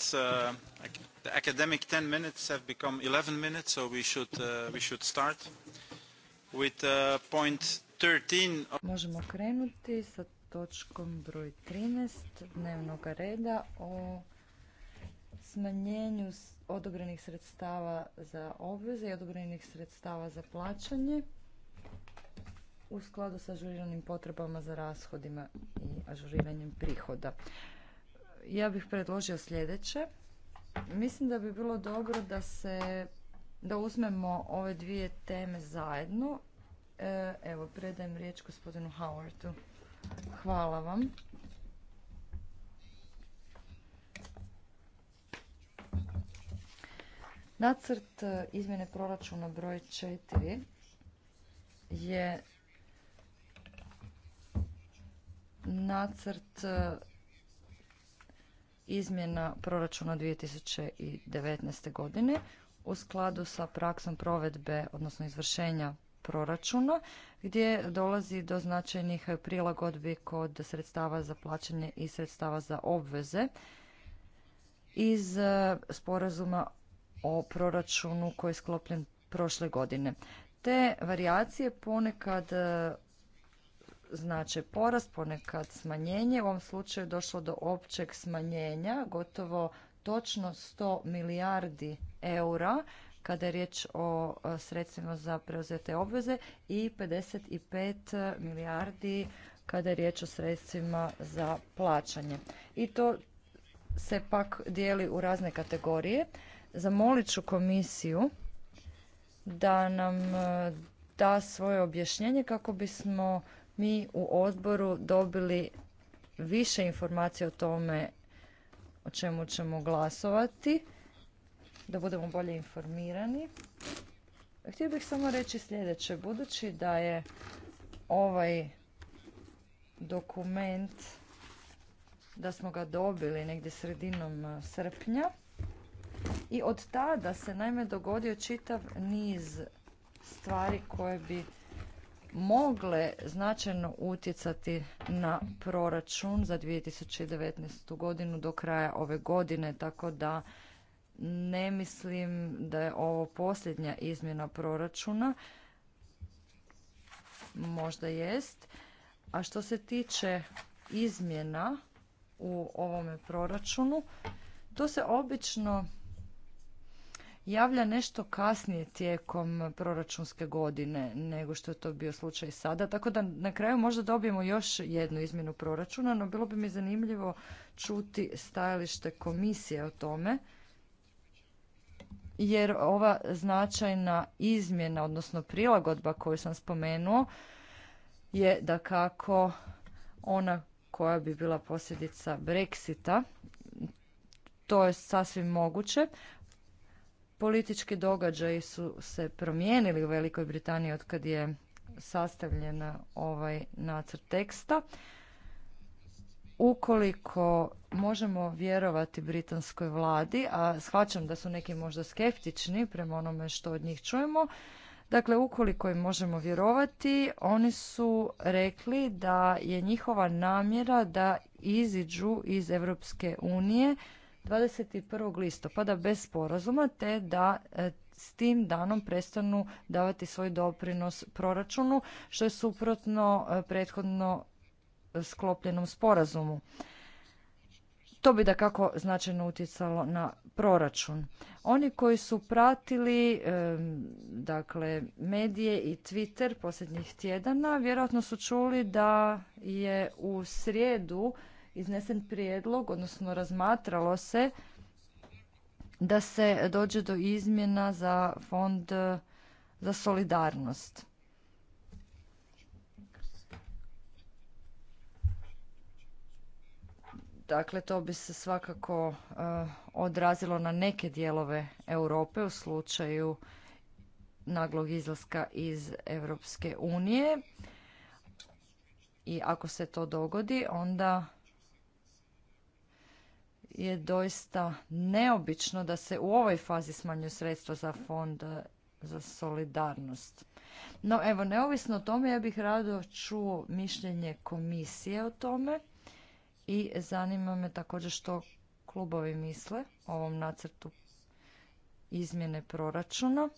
minutes, uh, the academic 10 minutes have become 11 minutes, so we should, uh, we should start with uh, point 13. Možemo krenuti sa točkom broj 13 dnevnog reda o smanjenju odobrenih sredstava za obveze i odobrenih sredstava za plaćanje u skladu sa ažuriranim potrebama za rashodima i ažuriranjem prihoda ja bih predložio sljedeće. Mislim da bi bilo dobro da se da uzmemo ove dvije teme zajedno. E, evo, predajem riječ gospodinu Howardu. Hvala vam. Nacrt e, izmjene proračuna broj 4 je nacrt e, izmjena proračuna 2019. godine u skladu sa praksom provedbe, odnosno izvršenja proračuna, gdje dolazi do značajnih prilagodbi kod sredstava za plaćanje i sredstava za obveze iz e, sporazuma o proračunu koji je sklopljen prošle godine. Te varijacije ponekad e, znače porast, ponekad smanjenje. U ovom slučaju je došlo do općeg smanjenja, gotovo točno 100 milijardi eura kada je riječ o e, sredstvima za preuzete obveze i 55 milijardi kada je riječ o sredstvima za plaćanje. I to se pak dijeli u razne kategorije. Zamolit ću komisiju da nam e, da svoje objašnjenje kako bismo mi u odboru dobili više informacija o tome o čemu ćemo glasovati, da budemo bolje informirani. Htio bih samo reći sljedeće. Budući da je ovaj dokument, da smo ga dobili negdje sredinom e, srpnja, i od tada se naime dogodio čitav niz stvari koje bi mogle značajno utjecati na proračun za 2019. godinu do kraja ove godine, tako da ne mislim da je ovo posljednja izmjena proračuna. Možda jest. A što se tiče izmjena u ovome proračunu, to se obično javlja nešto kasnije tijekom proračunske godine nego što je to bio slučaj sada. Tako da na kraju možda dobijemo još jednu izmjenu proračuna, no bilo bi mi zanimljivo čuti stajalište komisije o tome jer ova značajna izmjena, odnosno prilagodba koju sam spomenuo, je da kako ona koja bi bila posljedica Brexita, to je sasvim moguće, Politički događaji su se promijenili u Velikoj Britaniji od kad je sastavljena ovaj nacrt teksta. Ukoliko možemo vjerovati britanskoj vladi, a shvaćam da su neki možda skeptični prema onome što od njih čujemo, Dakle, ukoliko im možemo vjerovati, oni su rekli da je njihova namjera da iziđu iz Europske unije 21. listopada bez sporazuma te da e, s tim danom prestanu davati svoj doprinos proračunu što je suprotno e, prethodno sklopljenom sporazumu. To bi da kako značajno utjecalo na proračun. Oni koji su pratili e, dakle medije i Twitter posljednjih tjedana vjerojatno su čuli da je u srijedu iznesen prijedlog, odnosno razmatralo se da se dođe do izmjena za fond e, za solidarnost. Dakle, to bi se svakako e, odrazilo na neke dijelove Europe u slučaju naglog izlaska iz Europske unije. I ako se to dogodi, onda je doista neobično da se u ovoj fazi smanjuju sredstva za fond eh, za solidarnost. No evo, neovisno o tome, ja bih rado čuo mišljenje komisije o tome i zanima me također što klubovi misle o ovom nacrtu izmjene proračuna.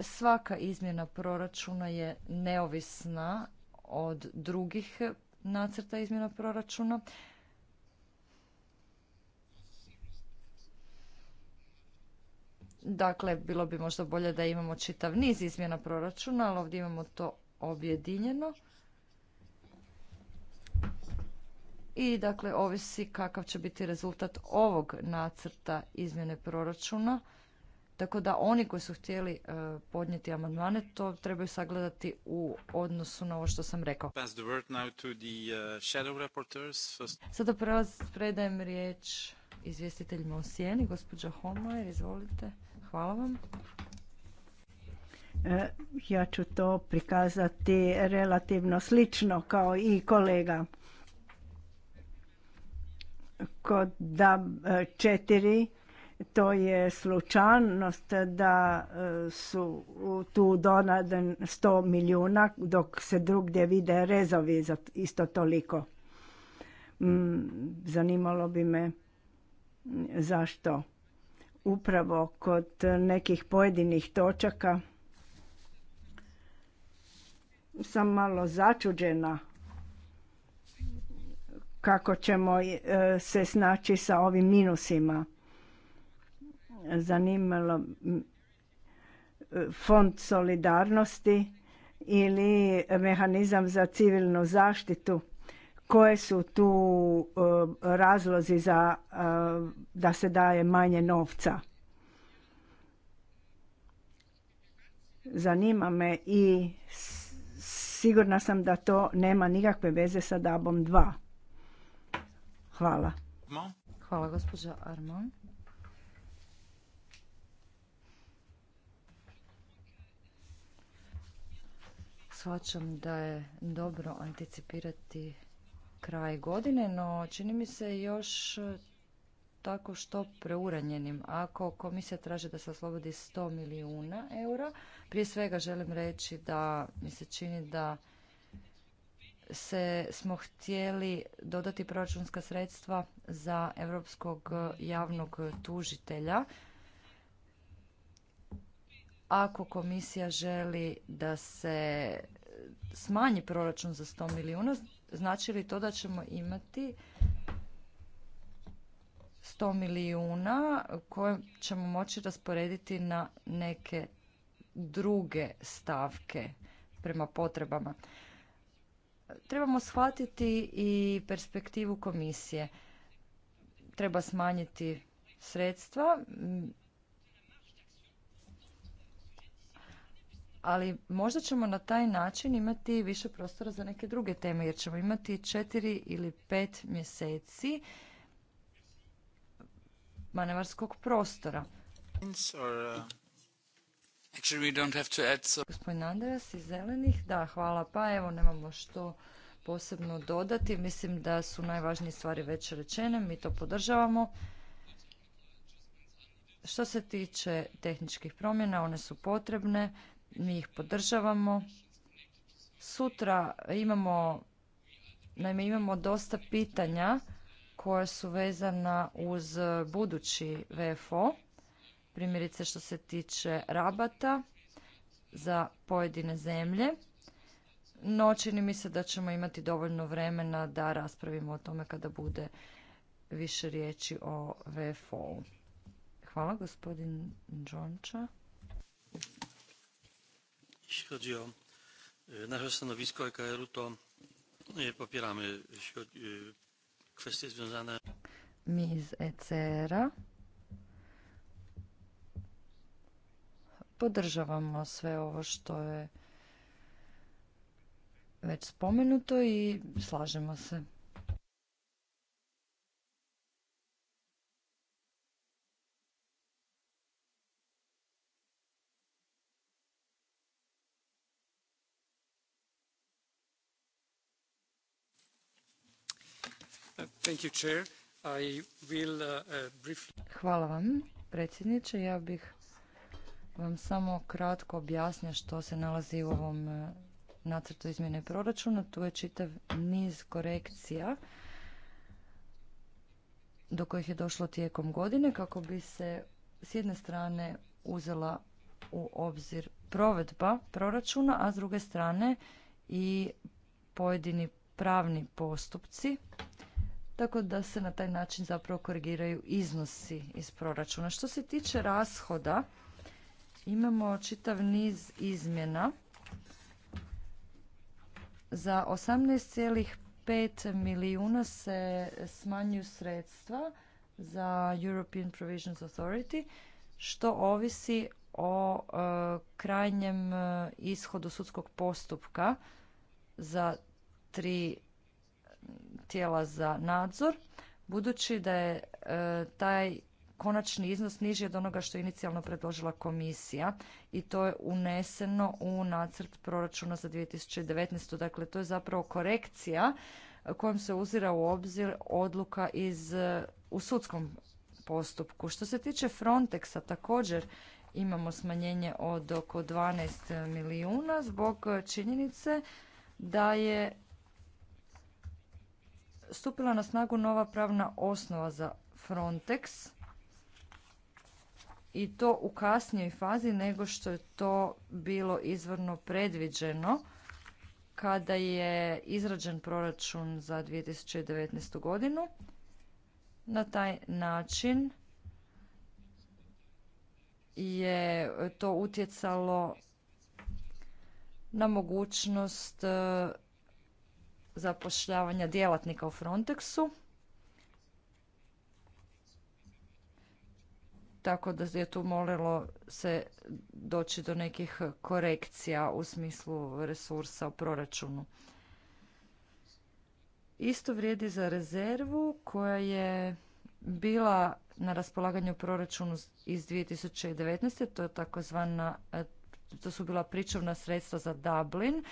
Svaka izmjena proračuna je neovisna od drugih nacrta izmjena proračuna. Dakle, bilo bi možda bolje da imamo čitav niz izmjena proračuna, ali ovdje imamo to objedinjeno. I dakle, ovisi kakav će biti rezultat ovog nacrta izmjene proračuna. Tako da oni koji su htjeli e, podnijeti amandmane to trebaju sagledati u odnosu na ovo što sam rekao. E, Sada predajem riječ izvjestiteljima u sjeni. Gospođa Holmajer izvolite. Hvala vam. E, ja ću to prikazati relativno slično kao i kolega. Kod DAB to je slučajnost da e, su tu donaden 100 milijuna, dok se drugdje vide rezovi za isto toliko. Mm, zanimalo bi me zašto. Upravo kod nekih pojedinih točaka sam malo začuđena kako ćemo e, se snaći sa ovim minusima zanimalo fond solidarnosti ili mehanizam za civilnu zaštitu koje su tu e, razlozi za e, da se daje manje novca zanima me i sigurna sam da to nema nikakve veze sa dabom 2. Hvala. Hvala gospođa Armon. shvaćam da je dobro anticipirati kraj godine, no čini mi se još tako što preuranjenim. Ako komisija traži da se oslobodi 100 milijuna eura, prije svega želim reći da mi se čini da se smo htjeli dodati proračunska sredstva za europskog javnog tužitelja. Ako komisija želi da se smanji proračun za 100 milijuna, znači li to da ćemo imati 100 milijuna koje ćemo moći rasporediti na neke druge stavke prema potrebama. Trebamo shvatiti i perspektivu komisije. Treba smanjiti sredstva, ali možda ćemo na taj način imati više prostora za neke druge teme jer ćemo imati četiri ili pet mjeseci manevarskog prostora. Uh, Gospodin Andreas iz Zelenih, da, hvala. Pa evo, nemamo što posebno dodati. Mislim da su najvažnije stvari već rečene, mi to podržavamo. Što se tiče tehničkih promjena, one su potrebne mi ih podržavamo. Sutra imamo, naime imamo dosta pitanja koja su vezana uz budući VFO, primjerice što se tiče rabata za pojedine zemlje. No, čini mi se da ćemo imati dovoljno vremena da raspravimo o tome kada bude više riječi o VFO-u. Hvala, gospodin Đonča. Jeśli chodzi o nasze stanowisko EKR-u, to popieramy kwestie związane... Mi z ECR-a podržavamo sve ovo što je već spomenuto i slažemo se. Uh, uh, Hvala vam, predsjedniče. Ja bih vam samo kratko objasnio što se nalazi u ovom uh, nacrtu izmjene proračuna. Tu je čitav niz korekcija do kojih je došlo tijekom godine kako bi se s jedne strane uzela u obzir provedba proračuna, a s druge strane i pojedini pravni postupci tako da se na taj način zapravo korigiraju iznosi iz proračuna. Što se tiče rashoda, imamo čitav niz izmjena za 18,5 milijuna se smanjuju sredstva za European Provisions Authority, što ovisi o e, krajnjem e, ishodu sudskog postupka za tri tijela za nadzor, budući da je e, taj konačni iznos niži od onoga što je inicijalno predložila komisija i to je uneseno u nacrt proračuna za 2019. Dakle, to je zapravo korekcija kojom se uzira u obzir odluka iz, e, u sudskom postupku. Što se tiče Frontexa također imamo smanjenje od oko 12 milijuna zbog činjenice da je stupila na snagu nova pravna osnova za Frontex i to u kasnijoj fazi nego što je to bilo izvorno predviđeno kada je izrađen proračun za 2019. godinu. Na taj način je to utjecalo na mogućnost zapošljavanja djelatnika u Frontexu. Tako da je tu molilo se doći do nekih korekcija u smislu resursa u proračunu. Isto vrijedi za rezervu koja je bila na raspolaganju proračunu iz 2019. To je takozvana to su bila pričuvna sredstva za Dublin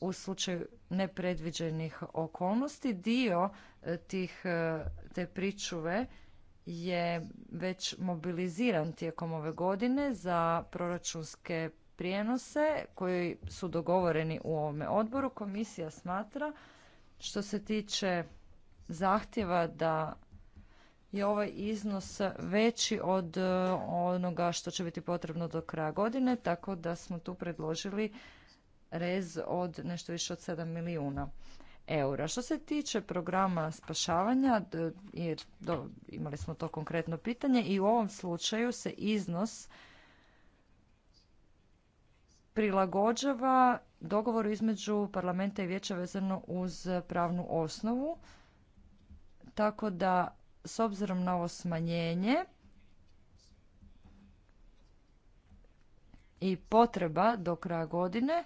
u slučaju nepredviđenih okolnosti. Dio e, tih, e, te pričuve je već mobiliziran tijekom ove godine za proračunske prijenose koji su dogovoreni u ovome odboru. Komisija smatra što se tiče zahtjeva da je ovaj iznos veći od e, onoga što će biti potrebno do kraja godine, tako da smo tu predložili rez od nešto više od 7 milijuna eura. Što se tiče programa spašavanja, jer imali smo to konkretno pitanje, i u ovom slučaju se iznos prilagođava dogovoru između parlamenta i vijeća vezano uz pravnu osnovu, tako da s obzirom na ovo smanjenje i potreba do kraja godine,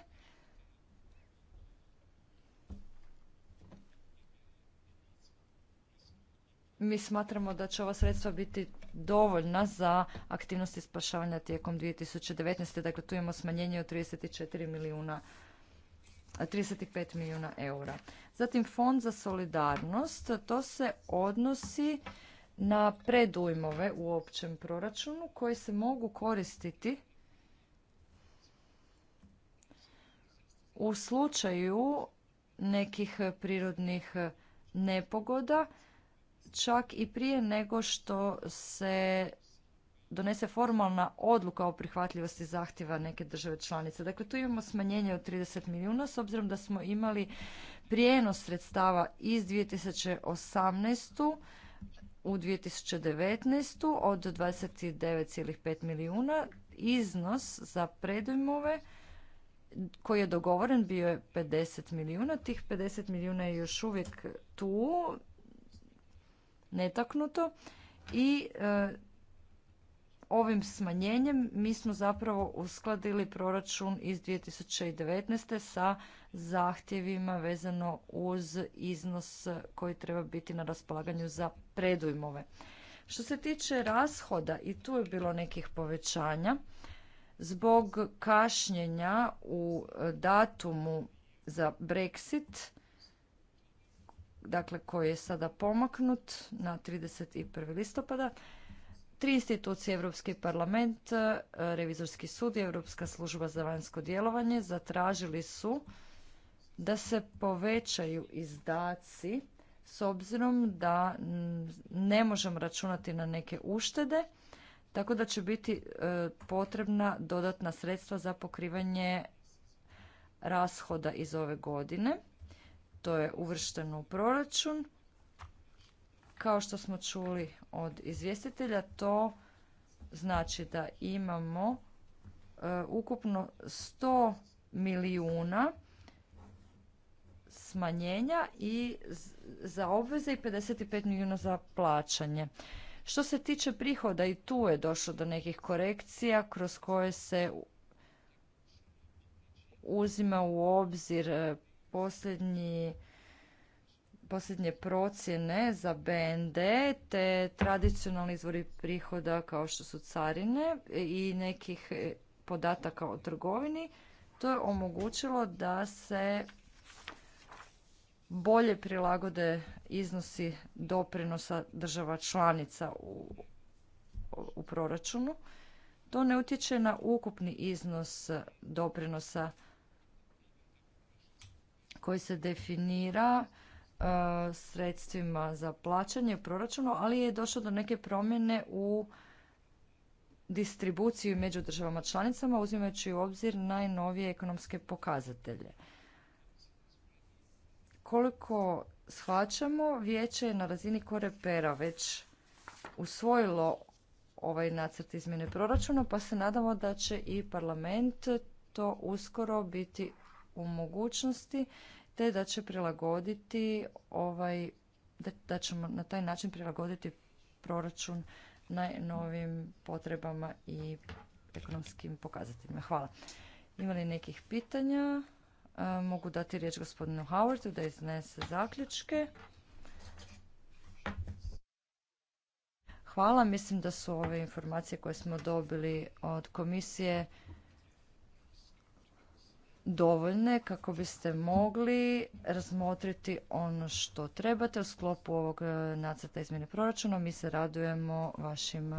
mi smatramo da će ova sredstva biti dovoljna za aktivnosti spašavanja tijekom 2019. Dakle, tu imamo smanjenje od 34 milijuna 35 milijuna eura. Zatim fond za solidarnost, to se odnosi na predujmove u općem proračunu koji se mogu koristiti u slučaju nekih prirodnih nepogoda čak i prije nego što se donese formalna odluka o prihvatljivosti zahtjeva neke države članice. Dakle, tu imamo smanjenje od 30 milijuna s obzirom da smo imali prijenos sredstava iz 2018 u 2019. od 29,5 milijuna. Iznos za predujmove koji je dogovoren bio je 50 milijuna. Tih 50 milijuna je još uvijek tu netaknuto i e, ovim smanjenjem mi smo zapravo uskladili proračun iz 2019. sa zahtjevima vezano uz iznos koji treba biti na raspolaganju za predujmove. Što se tiče rashoda, i tu je bilo nekih povećanja, zbog kašnjenja u datumu za Brexit dakle koji je sada pomaknut na 31. listopada. Tri institucije, Europski parlament, e, Revizorski sud i Europska služba za vanjsko djelovanje zatražili su da se povećaju izdaci s obzirom da ne možemo računati na neke uštede, tako da će biti e, potrebna dodatna sredstva za pokrivanje rashoda iz ove godine to je uvršteno u proračun. Kao što smo čuli od izvjestitelja, to znači da imamo e, ukupno 100 milijuna smanjenja i za obveze i 55 milijuna za plaćanje. Što se tiče prihoda i tu je došlo do nekih korekcija kroz koje se uzima u obzir e, posljednji posljednje procjene za BND te tradicionalni izvori prihoda kao što su carine i nekih e, podataka o trgovini, to je omogućilo da se bolje prilagode iznosi doprinosa država članica u, u proračunu. To ne utječe na ukupni iznos doprinosa koji se definira e, sredstvima za plaćanje proračunu, ali je došlo do neke promjene u distribuciju među državama članicama uzimajući u obzir najnovije ekonomske pokazatelje. Koliko shvaćamo, vijeće je na razini korepera već usvojilo ovaj nacrt izmjene proračuna, pa se nadamo da će i parlament to uskoro biti u mogućnosti te da će prilagoditi ovaj, da, ćemo na taj način prilagoditi proračun novim potrebama i ekonomskim pokazateljima. Hvala. Imali nekih pitanja? Mogu dati riječ gospodinu Howardu da iznese zaključke. Hvala. Mislim da su ove informacije koje smo dobili od komisije dovoljne kako biste mogli razmotriti ono što trebate u sklopu ovog e, nacrta izmjene proračuna. Mi se radujemo vašim e,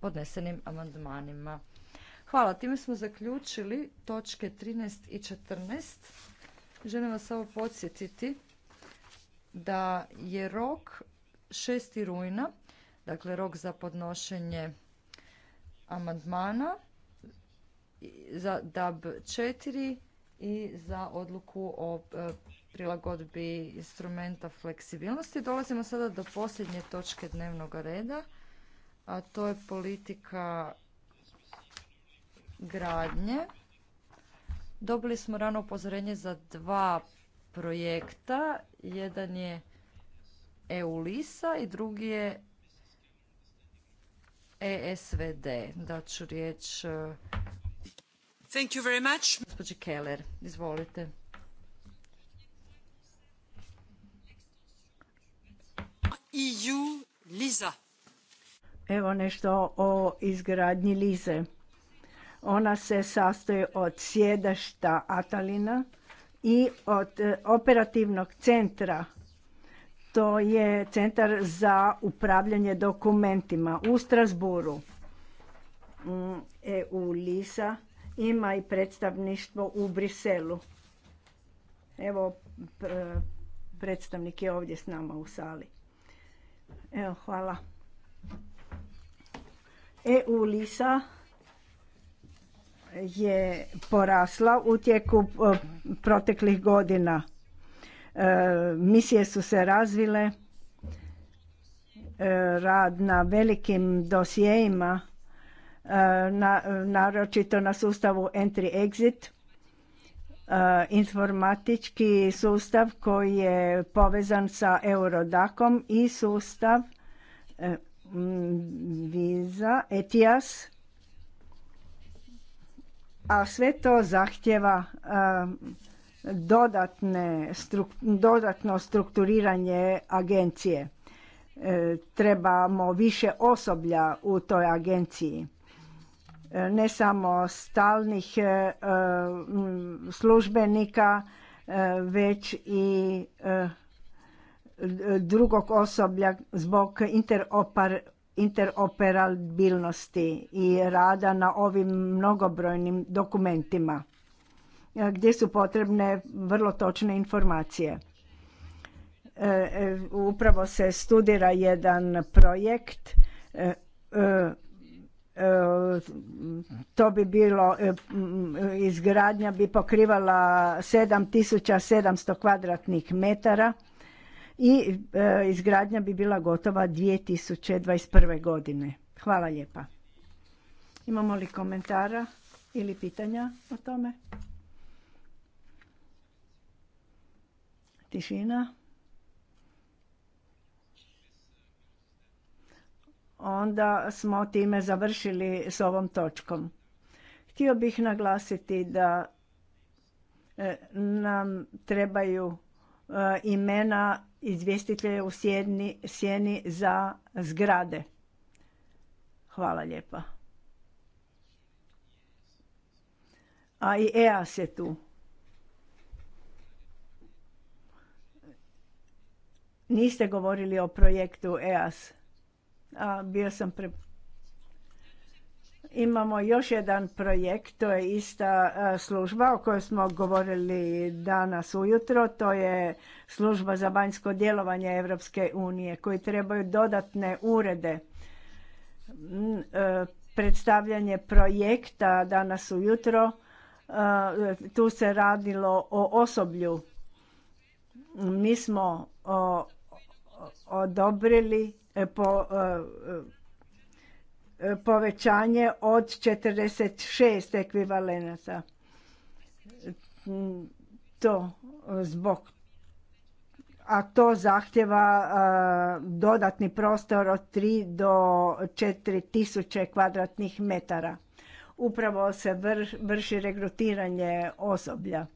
podnesenim amandmanima. Hvala, time smo zaključili točke 13 i 14. Želim vas samo podsjetiti da je rok 6. rujna, dakle rok za podnošenje amandmana za DAB 4 i za odluku o e, prilagodbi instrumenta fleksibilnosti. Dolazimo sada do posljednje točke dnevnog reda, a to je politika gradnje. Dobili smo rano upozorenje za dva projekta. Jedan je EULISA i drugi je ESVD. Daću riječ e, Thank Keller, izvolite. E Evo nešto o izgradnji Lize. Ona se sastoji od sjedašta Atalina i od e, operativnog centra. To je centar za upravljanje dokumentima u Strasburu. Mm, EU Lisa ima i predstavništvo u Briselu. Evo, predstavnik je ovdje s nama u sali. Evo, hvala. EU Lisa je porasla u tijeku e, proteklih godina. E, misije su se razvile, e, rad na velikim dosijejima... Eh, na, naročito na sustavu entry-exit, eh, informatički sustav koji je povezan sa Eurodakom i sustav eh, mm, Visa, ETIAS, a sve to zahtjeva dodatne, dodatno strukturiranje agencije. Trebamo više osoblja u toj agenciji ne samo stalnih e, službenika, e, već i e, drugog osoblja zbog interoperabilnosti i rada na ovim mnogobrojnim dokumentima gdje su potrebne vrlo točne informacije. Upravo se studira jedan projekt E, to bi bilo e, izgradnja bi pokrivala 7700 kvadratnih metara i e, izgradnja bi bila gotova 2021. godine. Hvala lijepa. Imamo li komentara ili pitanja o tome? Tišina. onda smo time završili s ovom točkom. Htio bih naglasiti da e, nam trebaju e, imena izvjestitelja u sjeni, za zgrade. Hvala lijepa. A i EAS je tu. Niste govorili o projektu EAS a bio sam Imamo još jedan projekt, to je ista e, služba o kojoj smo govorili danas ujutro, to je služba za vanjsko djelovanje Europske unije koji trebaju dodatne urede. Mm, e, predstavljanje projekta danas ujutro, e, tu se radilo o osoblju. Mi smo odobrili E, e, e, povećanje od 46 ekvivalenata. To zbog a to zahtjeva dodatni prostor od 3 do 4 tisuće kvadratnih metara. Upravo se vrši regrutiranje osoblja.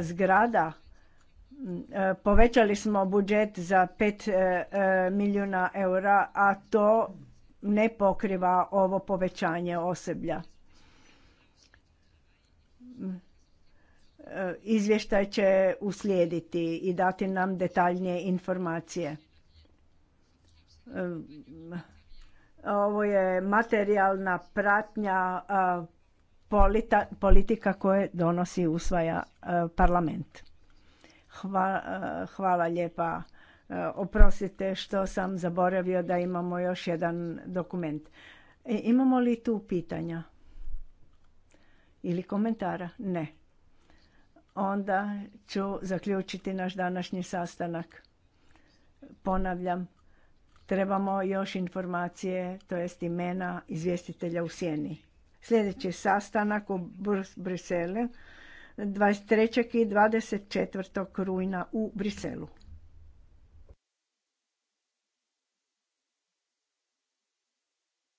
Zgrada Povećali smo budžet za 5 e, e, milijuna eura, a to ne pokriva ovo povećanje osoblja. E, izvještaj će uslijediti i dati nam detaljnije informacije. Ovo je materijalna pratnja politika koje donosi i usvaja parlament. Eh, hvala lijepa. Eh, oprostite što sam zaboravio da imamo još jedan dokument. E, imamo li tu pitanja? Ili komentara? Ne. Onda ću zaključiti naš današnji sastanak. Ponavljam, trebamo još informacije, to jest imena izvjestitelja u sjeni. Sljedeći sastanak u Briselu 23. i 24. rujna u Briselu.